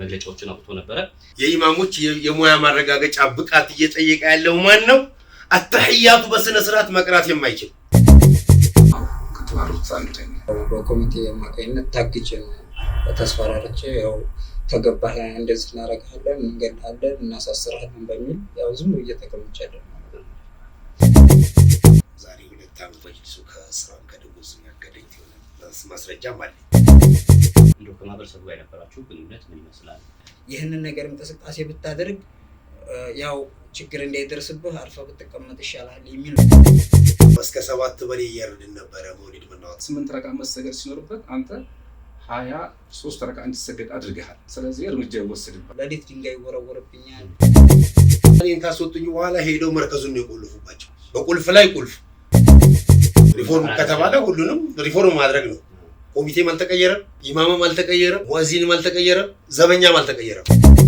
መግለጫዎችን አውጥቶ ነበረ። የኢማሞች የሙያ ማረጋገጫ ብቃት እየጠየቀ ያለው ማን ነው? አተሕያቱ በስነ ስርዓት መቅራት የማይችል ከተማሩት በኮሚቴ አማካኝነት ታግቼ ተስፈራርቼ ያው ተገባህ እንደዚህ እናደርግሃለን፣ እንገድልሃለን፣ እናሳስርሃለን በሚል ያው ዝም ብዬ ተቀምጫለሁ። ዛሬ ሁለት ዓመት መጅልሱ ከስራም ከደሞዝ ያገደኝ ማስረጃም አለኝ። እንደው ከማህበረሰቡ ጋር የነበራችሁ ግንኙነት ምን ይመስላል? ይህንን ነገር እንቅስቃሴ ብታደርግ ያው ችግር እንዳይደርስብህ አርፈ ብትቀመጥ ይሻላል የሚል እስከ ሰባት በላይ እያረድን ነበረ። መውሊድ መናወጥ ስምንት ረቃ መሰገድ ሲኖርበት አንተ ሀያ ሶስት ረቃ እንዲሰገድ አድርገሃል። ስለዚህ እርምጃ ይወሰድብሃል። ለሌት ድንጋይ ይወረወርብኛል። እኔን ካስወጡኝ በኋላ ሄደው መርከዙን የቆልፉባቸው በቁልፍ ላይ ቁልፍ። ሪፎርም ከተባለ ሁሉንም ሪፎርም ማድረግ ነው። ኮሚቴም አልተቀየረም፣ ኢማምም አልተቀየረም፣ ሙአዚንም አልተቀየረም፣ ዘበኛም አልተቀየረም።